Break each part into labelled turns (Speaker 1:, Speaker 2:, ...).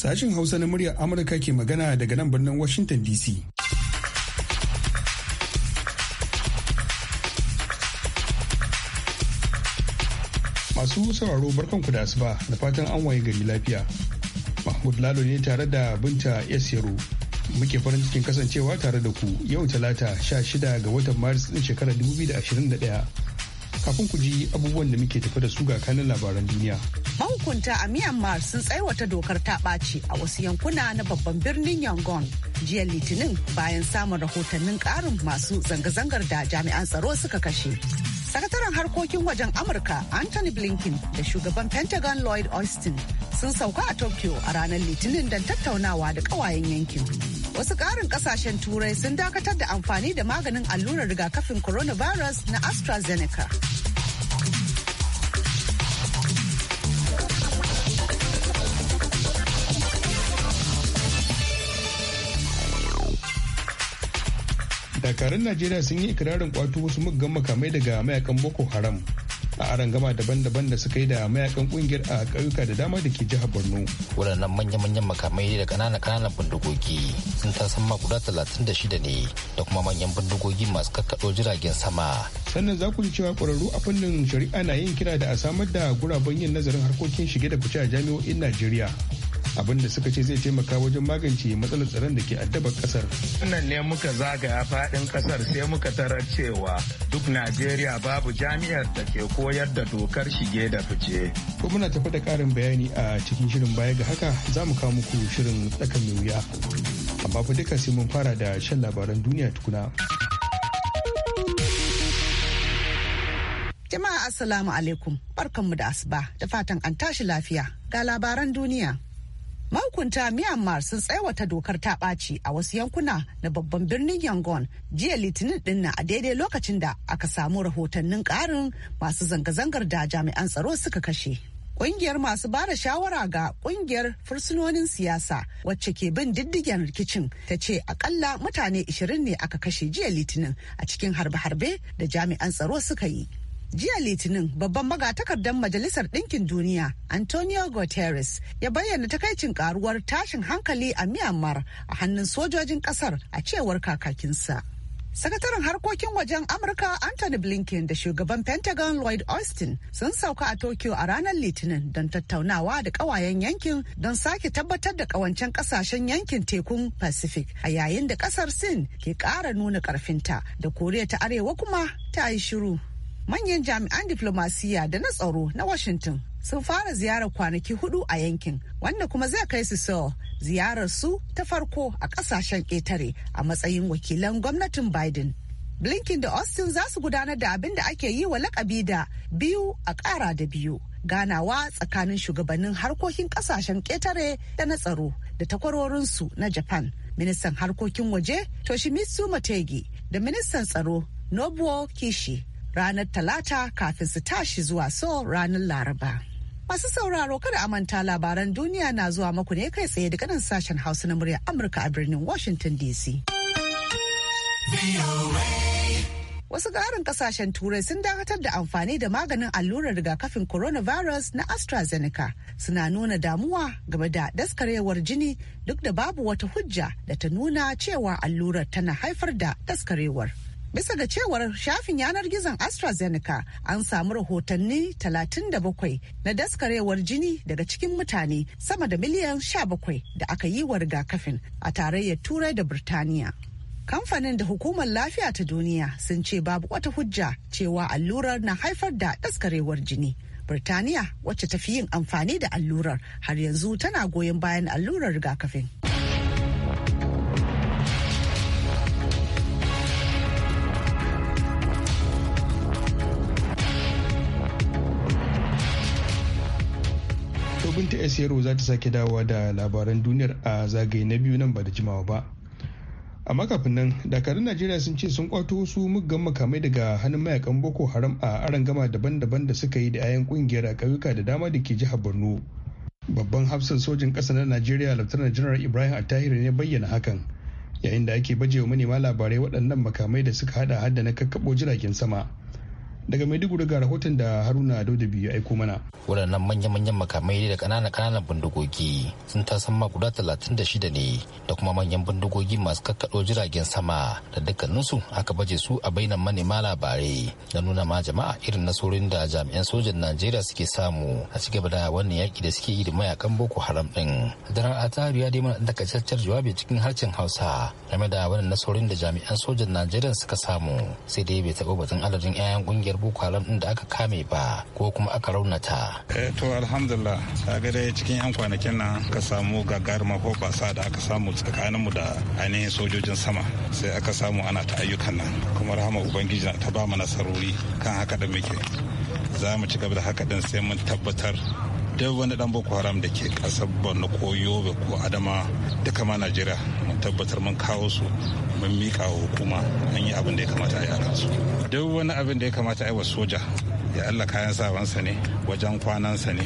Speaker 1: Sashen Hausa na muryar Amurka ke magana daga nan birnin Washington DC. Masu sauraro barkanku da asuba da fatan an waye gari lafiya. Mahmud Lalo ne tare da Binta Yasiru. Muke farin cikin kasancewa tare da ku yau talata 16 ga watan Maris ɗin shekarar 2021. Kafin ku ji abubuwan da muke tafi da su ga kanin labaran duniya.
Speaker 2: mahukunta a myanmar sun tsaiwata dokar ta ɓaci a wasu yankuna na babban birnin yangon jiya litinin bayan samun rahotannin ƙarin masu zanga-zangar da jami'an tsaro suka kashe sakataren harkokin wajen amurka anthony blinken da shugaban pentagon lloyd austin sun sauka a tokyo a ranar litinin don tattaunawa da ƙawayen yankin wasu ƙarin ƙasashen turai sun dakatar da amfani da maganin allurar rigakafin coronavirus na astrazeneca
Speaker 1: dakarun najeriya sun yi ikirarin kwato wasu muggan makamai daga mayakan boko haram a arangama daban-daban da suka yi da mayakan kungiyar a ƙauyuka da dama da ke jihar borno wadannan manya-manyan makamai
Speaker 3: da kanana kananan bindigogi sun tasamma guda talatin da shida ne da kuma manyan bindigogi masu kakkaɗo jiragen sama
Speaker 1: sannan za ku ji cewa kwararru a fannin shari'a na yin kira da a samar da guraben yin nazarin harkokin shige da fice a jami'o'in najeriya abin da suka ce zai taimaka wajen magance matsalar tsaron da ke addabar kasar.
Speaker 4: Wannan ne muka zagaya faɗin kasar sai muka tarar cewa duk Najeriya babu jami'ar da ke koyar da dokar shige
Speaker 5: da fice.
Speaker 1: Ko muna tafi da ƙarin bayani a cikin shirin baya ga haka za mu kawo muku shirin tsakan mai wuya. Amma fa duka sai mun fara da shan labaran duniya tukuna.
Speaker 2: Jama'a Assalamu alaikum barkanmu da asuba da fatan an tashi lafiya ga labaran duniya. mahukunta myanmar sun tsaiwata dokar ta ɓaci a wasu yankuna na babban birnin yangon jiya litinin na a daidai lokacin da aka samu rahotannin ƙarin masu zanga-zangar da jami'an tsaro suka kashe Ƙungiyar masu ba shawara ga ƙungiyar fursunonin siyasa wacce ke bin diddigen rikicin ta ce akalla mutane 20 ne aka kashe jiya litinin a cikin harbe-harbe da jami'an tsaro suka yi. jiya litinin babban magatakardar majalisar ɗinkin duniya antonio guterres ya bayyana takaicin karuwar tashin hankali a myanmar a hannun sojojin ƙasar a cewar kakakinsa sakataren harkokin wajen amurka anthony blinken da shugaban pentagon lloyd austin sun sauka a tokyo a ranar litinin don tattaunawa da kawayen yankin don sake tabbatar da kawancen kasashen yankin tekun pacific a yayin da kasar sin ke kara nuna karfinta da koriya ta arewa kuma ta yi shiru manyan jami'an diflomasiyya da na tsaro na washington sun fara ziyarar kwanaki hudu a yankin wanda kuma zai kai su so ziyarar su ta farko a kasashen ƙetare a matsayin wakilan gwamnatin biden blinken da austin za su gudanar da abin da ake yi wa lakabi da biyu a ƙara da biyu ganawa tsakanin shugabannin harkokin kasashen ƙetare da na tsaro da takwarorinsu na japan ministan harkokin waje toshimitsu mategi da ministan tsaro nobuo kishi ranar talata kafin su tashi zuwa so ranar laraba. Masu sauraro kada a manta labaran duniya na zuwa muku ne kai tsaye daga nan sashen hausa na murya Amurka a birnin Washington DC. Wasu garin kasashen turai sun dakatar da amfani da maganin allurar rigakafin coronavirus na AstraZeneca suna nuna damuwa game da daskarewar jini duk da babu wata hujja da ta nuna cewa allurar tana haifar da daskarewar. bisa ga cewar shafin yanar gizon astrazeneca an samu rahotanni 37 na daskarewar jini daga cikin mutane sama da miliyan 17 da aka yi wa rigakafin a tarayyar turai da birtaniya kamfanin da hukumar lafiya ta duniya sun ce babu wata hujja cewa allurar na haifar da daskarewar jini birtaniya wacce ta fi yin amfani da allurar har yanzu tana goyon bayan allurar rigakafin.
Speaker 1: to ta esero za ta sake dawowa da labaran duniyar a zagaye na biyu nan ba da jimawa ba amma kafin nan dakarun najeriya sun ce sun kwato wasu muggan makamai daga hannun mayakan boko haram a gama daban-daban da suka yi da 'ya'yan kungiyar a ƙauyuka da dama da ke jihar borno babban hafsan sojin ƙasa na najeriya lieutenant general ibrahim atahir ne bayyana hakan yayin da ake baje wa manema labarai waɗannan makamai da suka hada hada na kakkaɓo jiragen sama daga maiduguri ga rahoton da haruna daudabi ya aiko mana wadannan manya-manyan makamai da
Speaker 3: kanana kanana
Speaker 1: bindigogi sun ma guda talatin
Speaker 3: da shida ne da kuma manyan bindigogi masu kakkaɗo jiragen sama da dukkaninsu aka baje su a bainan manema labarai da nuna ma jama'a irin nasorin da jami'an sojan najeriya suke samu a ci gaba da wannan yaƙi da suke yi da mayakan boko haram ɗin daren atari ya dai mana takaitaccen jawabi cikin harshen hausa game da wannan nasorin da jami'an sojan najeriya suka samu sai dai bai taɓa batun adadin 'ya'yan ƙungiyar boko haram din da aka kame ba ko kuma aka
Speaker 1: raunata
Speaker 4: eh to alhamdulillah ga dai cikin yan kwanakin nan ka samu ba
Speaker 1: sa da aka samu tsakanin mu da ainihin sojojin sama sai aka samu ana ta ayyukan nan kuma rahama ubangiji na ta ba mu nasarori kan haka da muke za mu ci gaba da haka din sai mun tabbatar duk wani dan boko haram da ke kasar borno ko yobe ko adama duka ma najeriya tabbatar mun kawo su mun miƙa hukuma an yi abin da ya kamata a yi a kansu duk wani abin da ya kamata a yi wa soja ya Allah kayan sabansa ne wajen kwanansa ne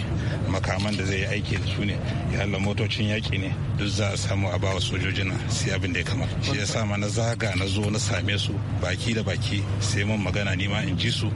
Speaker 1: makaman da zai yi aiki da su ne ya Allah motocin yaƙi ne duk za a samu a bawa sojojin sai abin da ya kamar shi ya sa ma na zaga na zo na same su baki da baki sai mun magana ni ma in ji su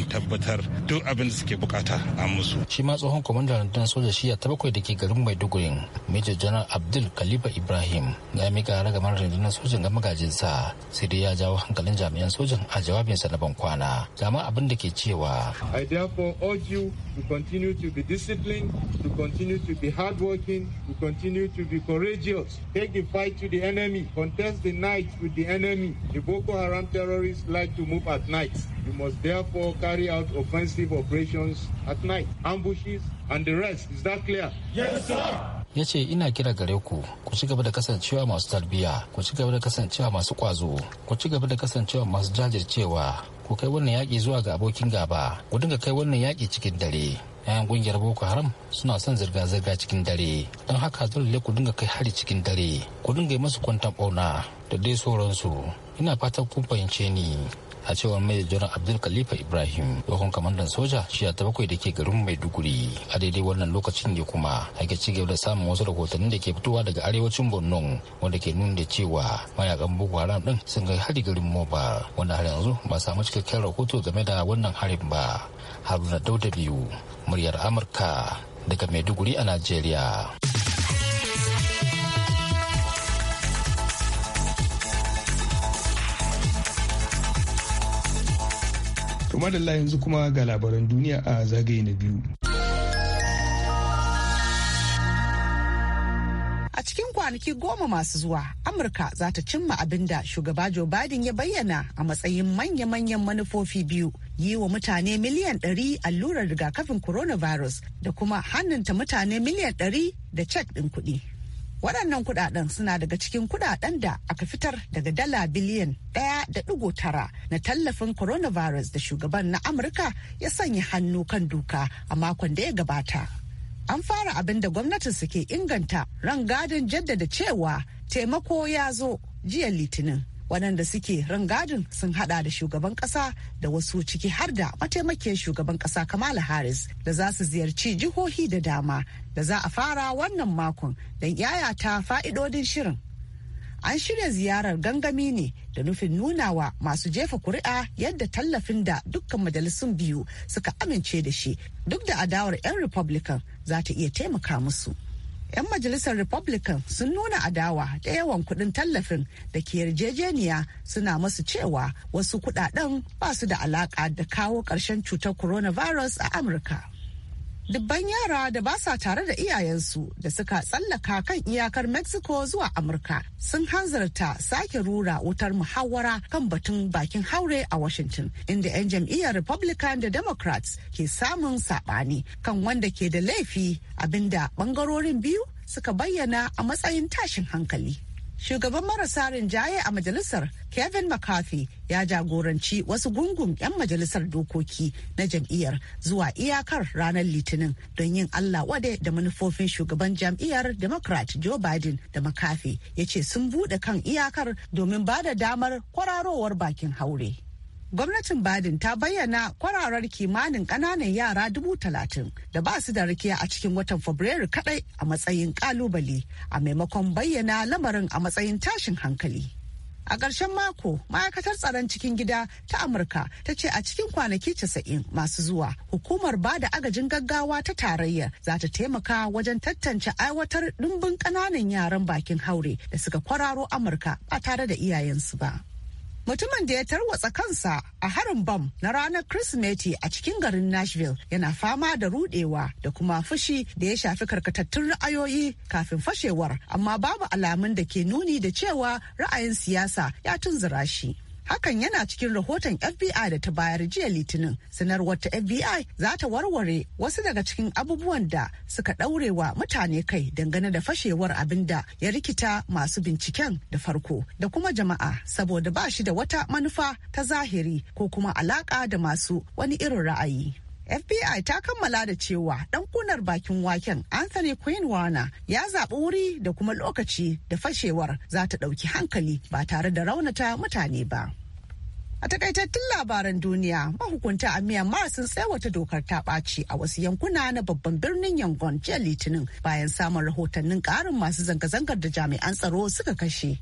Speaker 1: in tabbatar duk abin da suke bukata a musu
Speaker 3: shi ma tsohon kwamandan rundunar soja shi ya bakwai da ke garin maiduguri major general abdul kaliba ibrahim ya mika ragamar rundunar sojan ga magajinsa sai dai ya jawo hankalin jami'an sojan a jawabinsa na bankwana kwana ga abin da ke cewa
Speaker 4: I therefore urge you to continue to be disciplined, to continue to be hardworking, to continue to be courageous. Take the fight to the enemy, contest the night with the enemy. The Boko Haram terrorists like to move at night. You must therefore carry out offensive operations at night, ambushes, and the rest. Is that clear? Yes, sir.
Speaker 3: ya ce ina kira gare ku ku ci gaba da kasancewa masu tarbiyya ku ci gaba da kasancewa masu kwazo ku ci gaba da kasancewa masu jajircewa ku kai wannan yaƙi zuwa ga abokin gaba ku dinga kai wannan yaƙi cikin dare yayan kungiyar boko haram suna son zirga-zirga cikin dare don haka dole ku dinga kai hari cikin dare ku dinga yi masu kwantan bauna da dai sauransu ina fatan kun fahimce ni a cewar mai jiran abdul khalifa ibrahim tsohon kamandan soja shiya ta bakwai da ke garin maiduguri a daidai wannan lokacin ne kuma ake ci gaba da samun wasu rahotanni da ke fitowa daga arewacin borno wanda ke nuna da cewa mayakan boko haram din sun kai hari garin moba wanda har yanzu ba samu cikakken rahoto game da wannan harin ba haruna dauda biyu muryar amurka daga maiduguri a najeriya.
Speaker 1: To madalla yanzu kuma ga labaran duniya a zagaye na biyu.
Speaker 2: A cikin kwanaki goma masu zuwa, Amurka za ta cimma abin da shugaba Joe Biden ya bayyana a matsayin manya-manyan manufofi biyu. Yi wa mutane miliyan ɗari allurar rigakafin coronavirus da kuma hannunta mutane miliyan ɗari da cek ɗin kuɗi. Waɗannan kuɗaɗen suna daga cikin kuɗaɗen da aka fitar daga dala biliyan ɗaya da ɗigo tara na tallafin coronavirus da shugaban na Amurka ya sanya hannu kan duka a makon da ya gabata. An fara abin da gwamnatin suke inganta rangadin jaddada cewa taimako ya zo jiya litinin. waɗanda suke rangadin sun hada da shugaban ƙasa da wasu ciki har da mataimakiyar shugaban ƙasa kamala harris da za su ziyarci jihohi da dama da za a fara wannan makon don yayata fa'idodin shirin an shirya ziyarar gangami ne da nufin nuna wa masu jefa kuri'a yadda tallafin da dukkan majalisun biyu suka amince da shi duk da adawar 'yan republican za ta iya taimaka musu. 'yan majalisar republican sun nuna adawa da yawan kudin tallafin da ke yarjejeniya suna masu cewa wasu kudaden ba su da alaka da kawo ƙarshen cutar coronavirus a amurka dubban yara da ba sa tare da iyayensu da suka tsallaka kan iyakar mexico zuwa amurka sun hanzarta sake rura wutar muhawara kan batun bakin haure a washington inda 'yan jam'iyyar republican da democrats ke samun saɓani kan wanda ke da laifi abinda bangarorin biyu suka bayyana a matsayin tashin hankali Shugaban marasa rinjaye a majalisar Kevin McCarthy ya jagoranci wasu gungun 'yan majalisar dokoki na jam'iyyar zuwa iyakar ranar litinin don yin Allah wade da manufofin shugaban jam'iyyar Democrat Joe Biden da McCarthy ya ce sun buɗe kan iyakar domin ba da damar kwararowar bakin haure. gwamnatin Badin ta bayyana kwararar kimanin ƙananan yara dubu talatin da ba su da rikiya a cikin watan Fabrairu kadai a matsayin kalubale a maimakon bayyana lamarin a matsayin tashin hankali. A ƙarshen mako, ma'aikatar tsaron cikin gida ta Amurka ta ce a cikin kwanaki casa'in masu zuwa, hukumar ba da agajin gaggawa ta tarayya za ta taimaka wajen tantance aiwatar ɗimbin ƙananan yaran bakin haure da suka kwararo Amurka ba tare da iyayensu ba. mutumin da ya tarwatsa kansa a harin bam na ranar kirsimeti a cikin garin nashville yana fama da rudewa da kuma fushi da ya shafi karkatattun ra'ayoyi kafin fashewar amma babu alamun da ke nuni da cewa ra'ayin siyasa ya tunzura shi Hakan yana cikin rahoton FBI da ta bayar jiya Litinin. Sanarwar ta FBI za ta warware wasu daga cikin abubuwan da suka ɗaure wa mutane kai dangane da fashewar abin da ya rikita masu binciken da farko da kuma jama'a saboda ba shi da wata manufa ta zahiri ko kuma alaka da masu wani irin ra'ayi. FBI ta kammala da cewa dan kunar bakin waken Anthony Quinn Warner ya zaɓi wuri da kuma lokaci da fashewar za ta ɗauki hankali ba tare da raunata mutane ba. A takaitattun labaran duniya mahukunta a Myanmar sun tsawata dokar ta ɓaci a wasu yankuna na babban birnin Yangon jiya Litinin bayan samun rahotannin ƙarin masu zanga-zangar da jami'an tsaro suka kashe.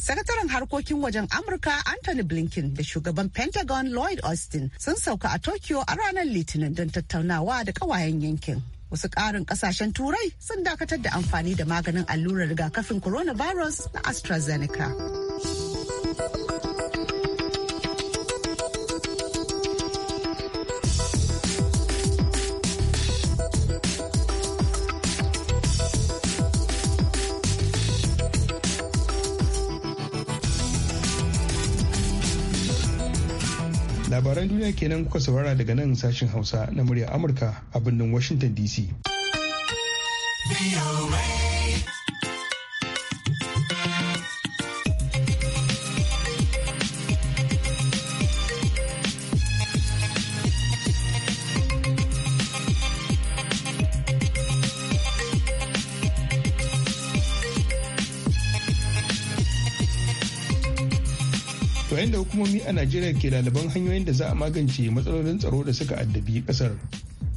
Speaker 2: Sakataren harkokin wajen Amurka Anthony Blinken da shugaban Pentagon Lloyd Austin sun sauka a Tokyo a ranar Litinin don tattaunawa da kawayen yankin. wasu ƙarin ƙasashen turai sun dakatar da amfani da maganin allurar rigakafin coronavirus na astrazeneca
Speaker 1: labaran duniya kenan kuka saurara daga nan sashin hausa na murya amurka a birnin washington dc yayin da hukumomi a najeriya ke lalaban hanyoyin da za a magance matsalolin tsaro da suka addabi kasar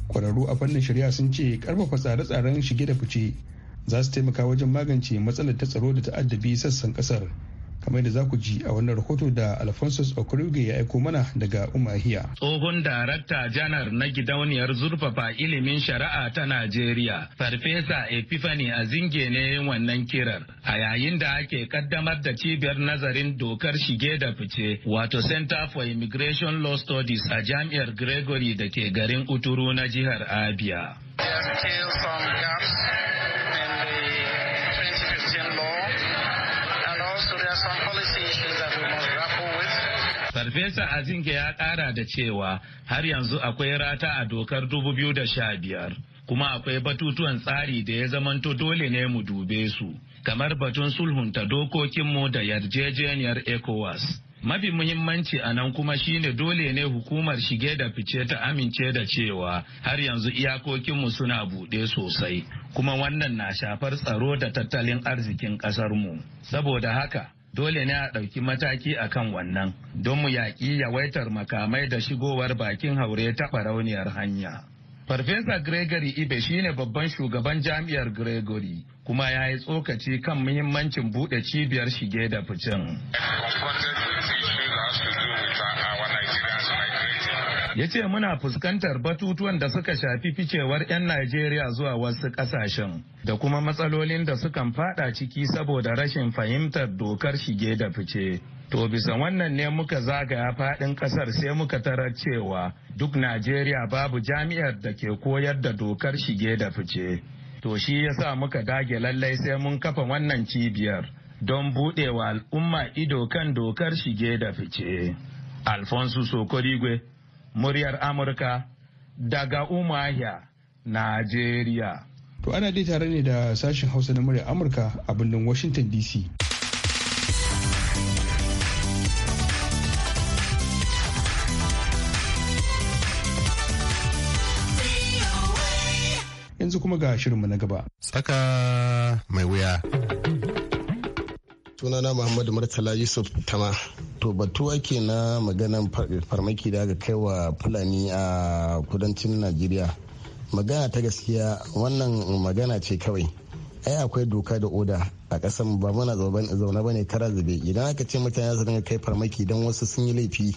Speaker 1: kwararru a fannin shari'a sun ce karfafa tsare-tsaren shige da fice za su taimaka wajen magance matsalar ta tsaro da ta addabi sassan kasar kamar da za ku ji a wannan rahoto da alphonsus okoruge ya aiko mana daga umahiya
Speaker 4: tsohon darakta janar na gidauniyar zurfafa ilimin shari'a ta najeriya farfesa a azinge ne wannan kirar a yayin da ake kaddamar da cibiyar nazarin dokar shige da fice wato center for immigration law studies a jami'ar gregory da ke garin uturu na jihar abia Farfesa Azinke ya kara da cewa har yanzu akwai rata a dokar 2015 kuma akwai batutuwan tsari da ya zamanto dole ne mu dube su kamar batun sulhunta dokokinmu da yarjejeniyar ECOWAS. Mafi muhimmanci a nan kuma shine dole ne hukumar shige da fice ta amince da cewa har yanzu iyakokinmu suna buɗe sosai, kuma wannan na shafar tsaro da tattalin arzikin ƙasarmu. Saboda haka, dole ne a ɗauki mataki a kan wannan don mu yaƙi yawaitar makamai da shigowar bakin haure ta farauniyar hanya. Farfesa Gregory Ibe shine babban shugaban jami'ar Gregory kuma ya yi tsokaci kan muhimmancin buɗe cibiyar shige da ficin. ya ce muna fuskantar batutuwan da suka shafi ficewar 'yan Najeriya zuwa wasu kasashen. da kuma matsalolin da sukan fada ciki saboda rashin fahimtar dokar shige da fice. To bisa wannan ne muka zagaya faɗin ƙasar sai muka tarar cewa duk Najeriya babu jami'ar da ke koyar da dokar shige da fice. To shi yasa muka dage lallai sai mun kafa wannan cibiyar don buɗewa al'umma ido kan dokar shige da fice. Alfonso Sokorigwe muryar Amurka daga Umahia, Najeriya.
Speaker 1: To ana dai tare ne da sashen Hausa na muryar Amurka a birnin Washington DC.
Speaker 5: Yanzu kuma ga shirinmu na gaba. Tsaka mai wuya. sunana muhammadu murtala yusuf tama to batu ake na maganan farmaki da aka kai wa fulani a kudancin najeriya magana ta gaskiya wannan magana ce kawai ai akwai doka da oda a kasan ba mana zaune ne kara zube idan aka ce mutane su dinga kai farmaki don wasu sun yi laifi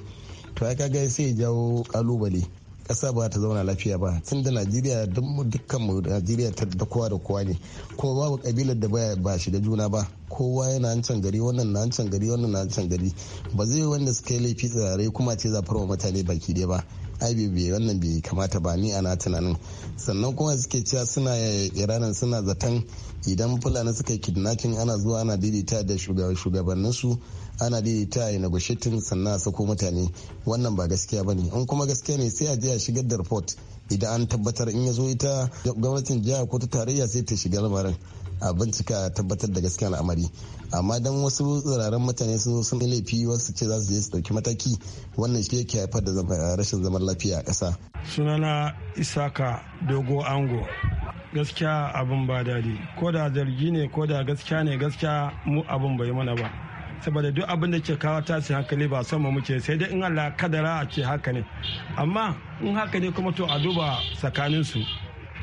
Speaker 5: to ai kaga sai jawo kalubale kasa ba ta zauna lafiya ba tun da najeriya dukkan mu najeriya ta da kowa da kowa ne kuma babu kabilar da baya ba shi da juna ba kowa yana can gari wannan na can gari wannan na can gari ba zai yi wanda suka yi laifi tsirare kuma ce za wa mutane baki ɗaya ba ai bai wannan bai kamata ba ni ana tunanin sannan kuma suke cewa suna iranin suna zaton idan fulani suka yi kidnapping ana zuwa ana daidaita da shugabanninsu ana da ta yi negotiating sannan a sako mutane wannan ba gaskiya ba ne in kuma gaskiya ne sai a je a shigar da report idan an tabbatar in ya zo ita gwamnatin jihar ko ta tarayya sai ta shiga lamarin a bincika tabbatar da gaskiya al'amari amma dan wasu tsiraran mutane sun zo sun laifi wasu ce za su je su dauki mataki wannan shi yake haifar da rashin zaman lafiya a ƙasa. sunana isaka dogo ango gaskiya abin ba daɗi ko da zargi ne ko da gaskiya ne gaskiya mu abin bai mana ba saboda duk abin da ke kawo tasirin hankali ba mu muke sai dai in Allah kadara a ce haka ne amma in haka ne kuma to a duba tsakanin su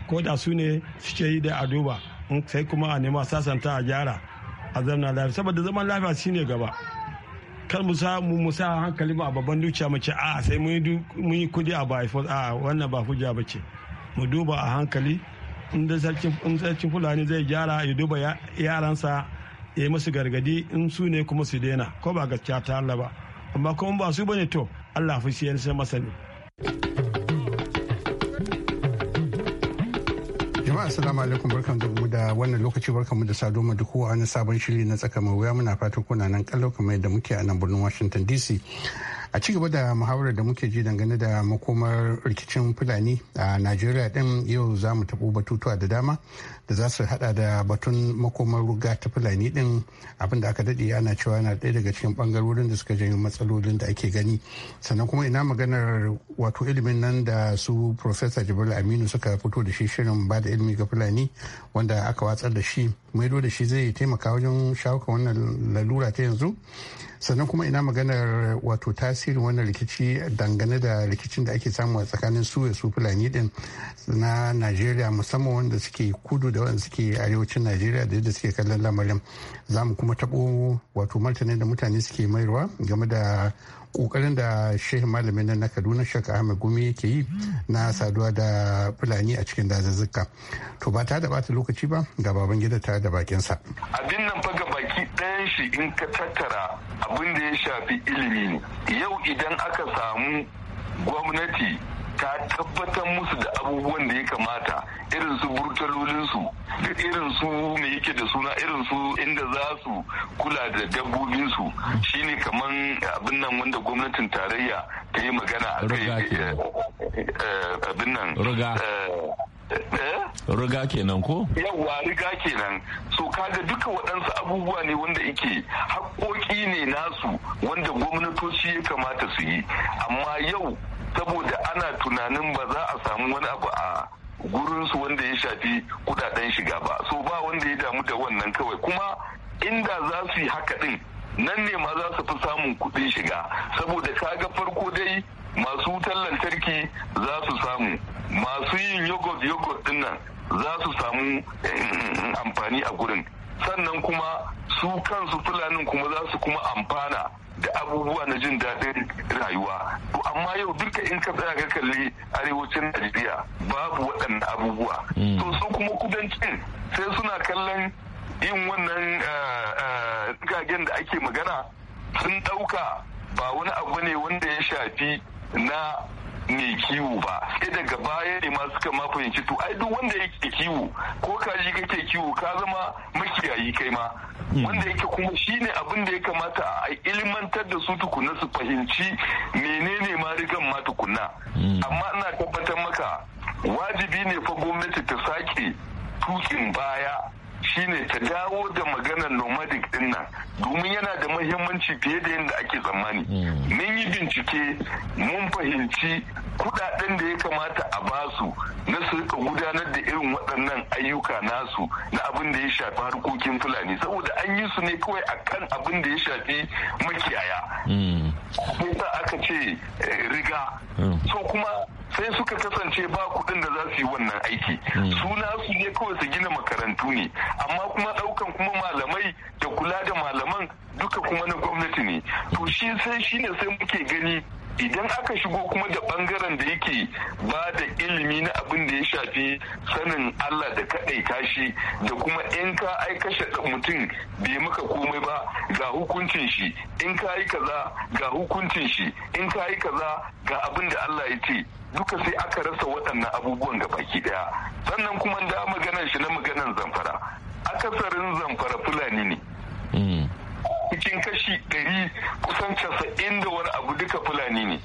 Speaker 5: ko da su ne suke yi da a duba sai kuma a nema sasanta a gyara a zamna lafiya saboda zaman lafiya shine gaba kar mu sa mu musa hankali ba a babban dukiya mace a sai mun yi kudi a ba a wannan ba hujja ba ce mu duba a hankali in sarkin fulani zai gyara ya duba yaransa ya musu gargadi in su ne kuma su daina ko ba gaskiya ta Allah ba amma kuma ba su bane to Allah fi shi sa masani
Speaker 6: jama'a assalamu alaikum barkan da da wannan lokaci barkan mu da sado mu duk wani sabon shiri na tsaka mai wuya muna fata kuna nan kallau kamar yadda muke a nan birnin Washington DC a ci gaba da muhawarar da muke ji dangane da makomar rikicin fulani a najeriya din yau za mu taɓo batutuwa da dama da za su hada da batun makomar ruga ta fulani din abin da aka daɗe ana cewa yana ɗaya daga cikin bangarorin da suka janyo matsalolin da ake gani sannan kuma ina maganar wato ilimin nan da su professor jibril aminu suka fito da shi shirin ba da ilimi ga fulani wanda aka watsar da shi maido da shi zai taimaka wajen shawo wannan lalura ta yanzu sannan kuma ina maganar wato tasirin wannan rikici dangane da rikicin da ake samu a tsakanin su su fulani din na najeriya musamman wanda suke kudu da wanda suke arewacin najeriya da yadda suke kallon lamarin za mu kuma taɓo wato martani da mutane suke mayarwa game da kokarin da shehu malamin na kaduna shek ahmed gumi yake yi na saduwa da fulani a cikin dazuzzuka to ba ta da bata lokaci ba ga baban gida ta da bakinsa
Speaker 7: abin nan fa ga baki ɗayan shi in ka tattara abin da ya shafi ilimi ne yau idan aka samu gwamnati ta tabbatar musu da abubuwan da ya kamata irin su burtalolinsu irin su mai yake da suna irin su inda za su kula da dabbobinsu shine kamar abin nan wanda gwamnatin tarayya
Speaker 4: ta yi magana a kai eh, abin nan riga eh, eh? kenan ko? yawwa riga kenan so kaga duka waɗansu abubuwa
Speaker 7: ne wanda ike haƙoƙi ne nasu wanda gwamnatoci ya kamata su yi amma yau saboda ana tunanin ba za a samu wani abu a gurinsu wanda ya shafi kudaden shiga ba so ba wanda ya damu da wannan kawai kuma inda za su yi haka din nan ne ma za su fi samun kudin shiga saboda kaga farko dai masu wutar lantarki za su samu masu yin yogurt yogurt din nan za su samu eh, amfani a gurin sannan kuma su kansu fulanin kuma za su kuma amfana da abubuwa na jin daɗin rayuwa to amma yau duka in ka tsaya ka kalli arewacin najeriya babu waɗannan abubuwa mm. to su kuma kudancin sai suna kallon yin wannan eh, eh, gagen da ake magana sun ɗauka ba wani abu ne wanda ya shafi na mai kiwo ba sai daga baya ne ma suka ma fahimci to ai duk wanda yake kiwo ko kaji kake kiwo ka zama makiyayi kai ma wanda yake kuma shine abin da ya kamata a ilmantar da su tukunna su fahimci menene ma rigan ma tukunna amma ina tabbatar maka wajibi ne fa gwamnati ta sake tukin baya shine ta dawo da maganar nomadic din nan domin yana da mahimmanci fiye da yadda ake tsammani hmm. mun yi bincike mun fahimci kudaden da ya kamata a basu na su rika gudanar da irin waɗannan ayyuka nasu na abin da ya shafi harkokin fulani saboda an yi su ne kawai akan abin da ya shafi makiyaya hmm. sai aka ce eh, riga hmm. so kuma sai suka kasance ba kuɗin da za su yi wannan aiki suna hmm. su ne kawai su gina makarantu ne amma kuma ɗaukan kuma malamai da kula da malaman duka kuma na gwamnati ne to shi sai shine sai muke gani idan aka shigo kuma da bangaren da yake ba da ilimi na abin da ya shafi sanin Allah da kaɗai tashi da kuma in ka ai kashe mutum bai maka komai ba ga hukuncin shi in ka yi kaza ga hukuncin shi in ka yi kaza ga abin da Allah ya ce duka sai aka rasa waɗannan abubuwan ga baki daya sannan kuma da maganan shi na maganan zamfara akasarin zamfara fulani ne hmm. cikin kashi ɗari kusan casa'in da wani abu duka fulani ne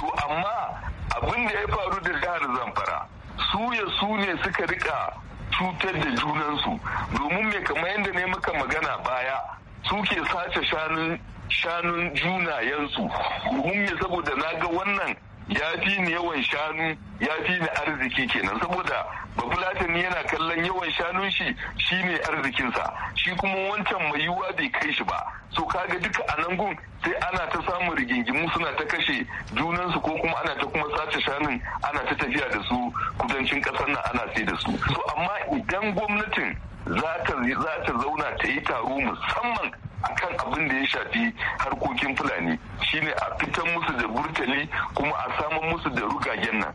Speaker 7: to amma abin da ya faru da jihar zamfara su su ne suka rika cutar da junansu domin mai kamar yadda ne muka magana baya suke sace shanun shanun junayensu domin me saboda na ga wannan ya fi ni yawan shanu ya fi ni arziki kenan saboda babulatin yana kallon yawan shanun shi shi ne arzikinsa shi kuma wancan mai yiwuwa bai kai shi ba so kaga duka a nan gun sai ana ta samun rigingimu suna ta kashe junansu ko kuma ana ta kuma sace shanun ana ta tafiya da su kudancin kasar nan ana sai da su so amma idan gwamnatin za ta zauna ta yi taro musamman a kan abin da ya shafi harkokin fulani shine a fitan musu da burtali kuma a saman musu da rugagen nan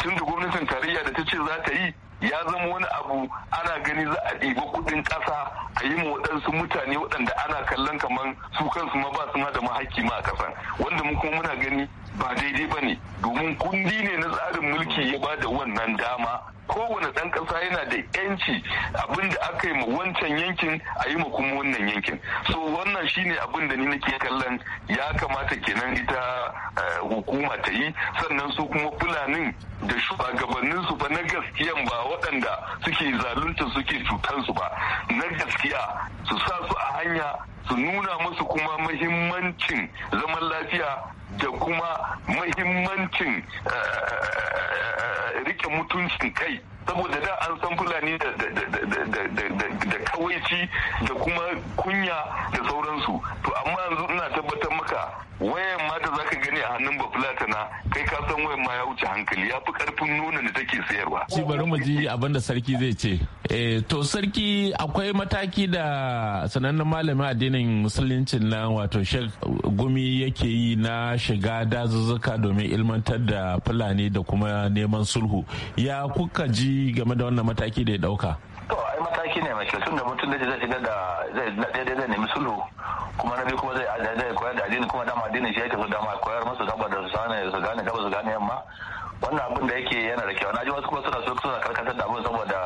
Speaker 7: tun da gwamnatin tarayya da ta ce za ta yi ya zama wani abu ana gani za a ɗiba kuɗin ƙasa a yi ma waɗansu mutane waɗanda ana kallon kamar su kansu ma ba su ma da mahaki ma a ƙasa wanda mu kuma muna gani ba daidai ba ne domin kundi ne na tsarin mulki ya ba da wannan dama kowane ɗan ƙasa yana da yanci abin da aka yi ma wancan yankin a yi ma kuma wannan yankin so wannan shine abin da ni nake kallon ya kamata kenan ita eh, hukuma ta yi sannan su kuma fulanin da shugabannin su ba na gaskiya ba waɗanda suke zalunta suke cutansu ba na gaskiya su sa su a hanya su nuna masu kuma mahimmancin zaman lafiya da kuma mahimmancin eh, eh, eh, rike mutuncin kai saboda da an san fulani da kawaici da kuma kunya da sauransu to amma yanzu ina tabbatar maka wayan mata za ka gani a hannun fulatana kai ka san wayan ma ya wuce hankali ya fi karfin nuna da take sayarwa
Speaker 4: shi bari mu ji abin sarki zai ce eh to sarki akwai mataki da sanannen malamin addinin musuluncin nan wato shek gumi yake yi na shiga dazuzzuka domin ilmantar da fulani da kuma neman sulhu ya kuka ji game da wannan mataki da ya dauka to
Speaker 8: ai mataki ne mai kyau tun da mutum da zai shiga da zai daidai zai nemi sulhu kuma na biyu kuma zai zai koyar da addini kuma dama addini shi yake so dama koyar musu gaba da su gane su gane gaba su gane yamma wannan abin da yake yana da kyau na ji wasu kuma suna so suna karkatar da abin saboda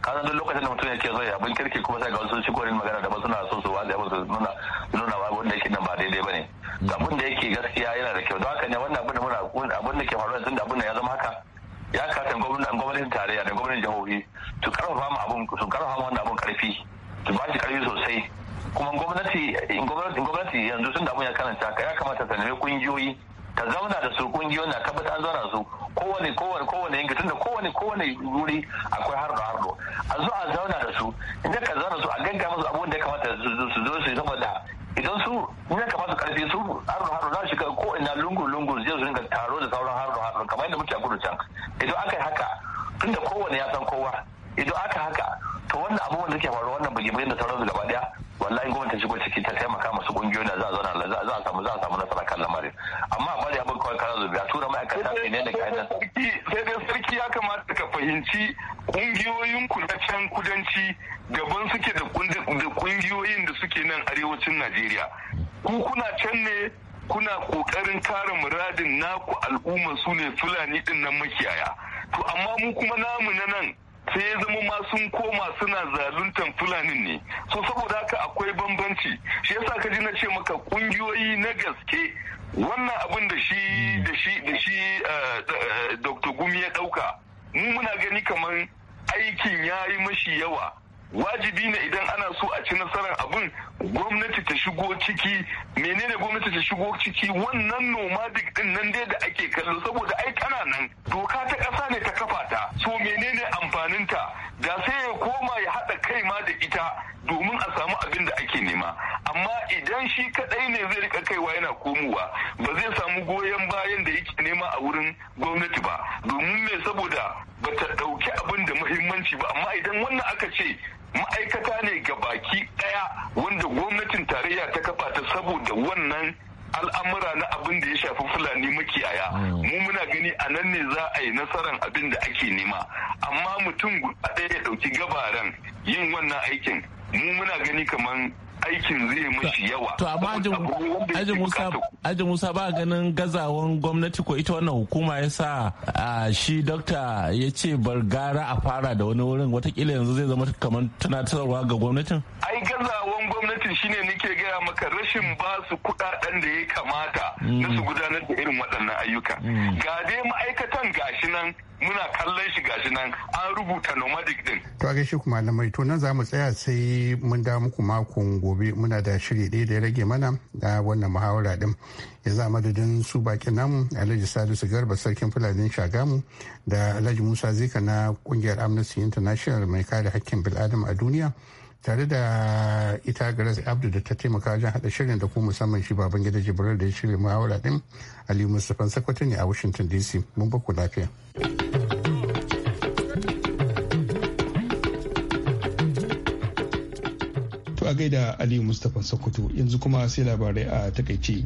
Speaker 8: kasan duk lokacin da mutum yake so ya abin kirki kuma sai ga wasu shi korin magana da ba suna so su wazi abin su nuna nuna abin da yake nan ba daidai bane abin da yake gaskiya yana da kyau don haka ne wannan abin da muna abin da ke faruwa tun da abin da ya zama haka gwamnatin tarayya da gwamnatin jihohi su karfafa mu abun su karfafa mu wannan abun karfi su ba shi karfi sosai kuma gwamnati gwamnati yanzu sun damu ya karanta ka ya kamata ta nemi kungiyoyi ta zauna da su kungiyoyi na tabbata an zauna su kowane kowane kowane yanki tunda kowane kowane wuri akwai harba harba a zo a zauna da su inda ka
Speaker 7: ya ɗauka mu muna gani kamar aikin ya yi mashi yawa wajibi ne idan ana so a ci nasarar abin gwamnati ta shigo ciki menene gwamnati ta shigo ciki wannan nomadic din nan dai da ake kallo saboda ai tana nan doka ta ƙasa ne ta kafa ta so menene amfaninta da sai ya koma ya haɗa kai ma da ita domin a samu abin da ake nema amma idan shi kadai ne zai rika kaiwa yana komowa ba zai samu goyon bayan da yake nema a wurin gwamnati ba domin me saboda ba ta dauki abin da muhimmanci ba amma idan wannan aka ce ma'aikata ne ga baki daya wanda gwamnatin tarayya ta kafa ta saboda wannan al'amura na abin da ya shafi fulani makiyaya hmm. mu muna gani a nan ne za a yi nasarar abin da ake nema amma mutum guda ɗaya ya ɗauki gabaran yin wannan aikin mu muna gani kaman aikin zai mushi yawa.
Speaker 4: To amma aji Musa ba ganin gazawan gwamnati ko ita wannan hukuma ya sa shi dokta ya ce bar gara a fara da
Speaker 8: wani wurin watakila yanzu zai zama kamar tunatarwa ga gwamnatin?
Speaker 7: Ai gazawan gwamnatin shine nake gaya maka rashin ba su kudaden da ya kamata na su mm. gudanar da irin waɗannan ayyuka mm. ga dai ma'aikatan gashi nan muna kallon shi gashi nan an rubuta nomadic
Speaker 6: din to a gaishe kuma malamai to nan za mu tsaya sai mun da muku makon gobe muna da shiri ɗaya da ya rage mana da wannan muhawara din ya za madadin su bakin namu alhaji salisu garba sarkin fulani shagamu da alhaji musa zika na kungiyar amnesty international mai kare hakkin bil'adam a duniya tare da ita garas abdu da ta taimaka wajen hada shirin da kuma musamman shi baban gida jibril da ya shirya muhawara din ali mustapha sakwato ne a washington dc mun baku lafiya to a gaida ali mustapha
Speaker 1: sokoto yanzu kuma sai labarai a takaice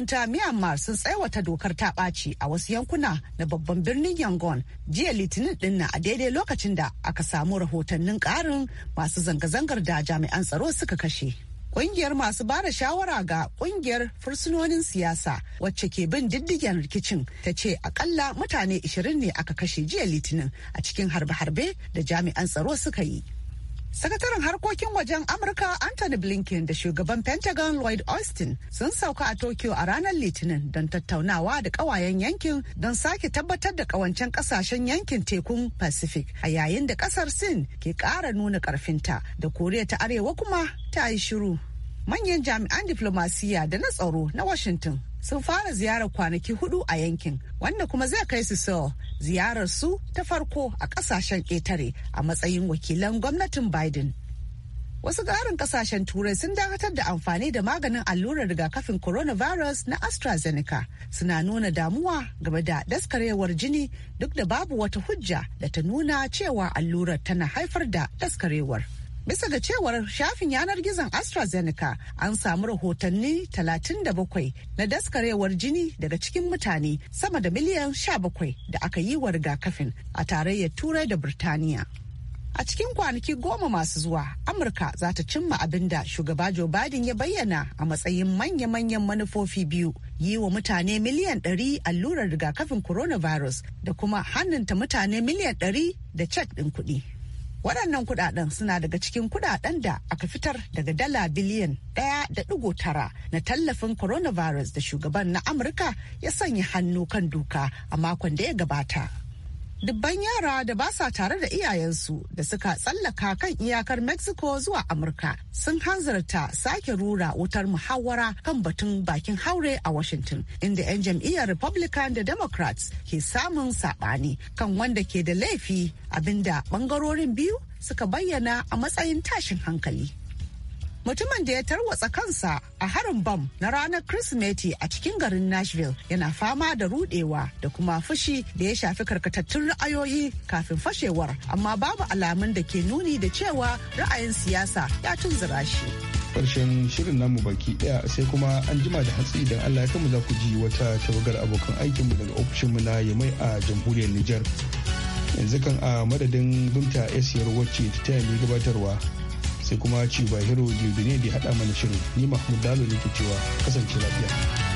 Speaker 2: hukunta Myanmar sun tsaiwata dokar ta ɓaci a wasu yankuna na babban birnin Yangon jiya litinin dinnan a daidai lokacin da aka samu rahotannin ƙarin masu zanga-zangar da jami'an tsaro suka kashe. Ƙungiyar masu ba da shawara ga ƙungiyar fursunonin siyasa wacce ke bin diddigen rikicin ta ce akalla mutane 20 ne aka kashe jiya litinin a cikin harbe-harbe da jami'an tsaro suka yi. Sakataren harkokin wajen Amurka Anthony Blinken da shugaban Pentagon Lloyd Austin sun sauka a Tokyo a ranar Litinin don tattaunawa da kawayen yankin don sake tabbatar da kawancen kasashen yankin tekun Pacific a yayin da kasar Sin ke ƙara nuna ƙarfinta da Koriya ta Arewa kuma ta yi shiru. manyan jami'an diflomasiyya da na tsaro na washington sun fara ziyarar kwanaki hudu a yankin wanda kuma zai kai su seoul ziyarar su ta farko a kasashen ƙetare a matsayin wakilan gwamnatin biden wasu garin kasashen turai sun dakatar da amfani da maganin allurar rigakafin coronavirus na astrazeneca suna nuna damuwa game da daskarewar jini duk da babu wata hujja da ta nuna cewa allurar tana haifar da daskarewar. bisa ga cewar shafin yanar gizon astrazeneca an samu rahotanni 37 na daskarewar jini daga cikin mutane sama da miliyan 17 da aka yi wa rigakafin a tarayyar turai da birtaniya a cikin kwanaki goma masu zuwa amurka za ta cimma abin da shugaba joe biden ya bayyana a matsayin manya-manyan manufofi biyu yi wa mutane miliyan 100 allurar rigakafin coronavirus da kuma hannunta mutane miliyan 100 da cek ɗin kuɗi. Waɗannan kuɗaɗen suna daga cikin kuɗaɗen da aka fitar daga dala biliyan ɗaya da ɗigo tara na tallafin coronavirus da shugaban na Amurka ya sanya hannu kan duka a makon da ya gabata. dubban yara da ba sa tare da iyayensu da suka tsallaka kan iyakar mexico zuwa amurka sun hanzarta sake rura wutar muhawara kan batun bakin haure a washington inda 'yan jam'iyyar republican da democrats ke samun saɓani kan wanda ke da laifi abinda bangarorin biyu suka bayyana a matsayin tashin hankali mutumin da ya tarwatsa kansa a harin bam na ranar kirsimeti a cikin garin nashville yana fama da rudewa da kuma fushi da ya shafi karkatattun ra'ayoyi kafin fashewar amma babu alamun da ke nuni da cewa ra'ayin siyasa ya tunzura shi
Speaker 1: karshen shirin namu baki daya sai kuma an jima da hatsi idan allah ya kama za ku ji wata tawagar abokan aikinmu daga ofishin ofishinmu na mai a jamhuriyar nijar yanzu kan a madadin binta s wacce ta taya ni gabatarwa sai kuma ci bahiro ne da ya haɗa mana shirin ni mahmud dalo ne ke cewa kasance lafiya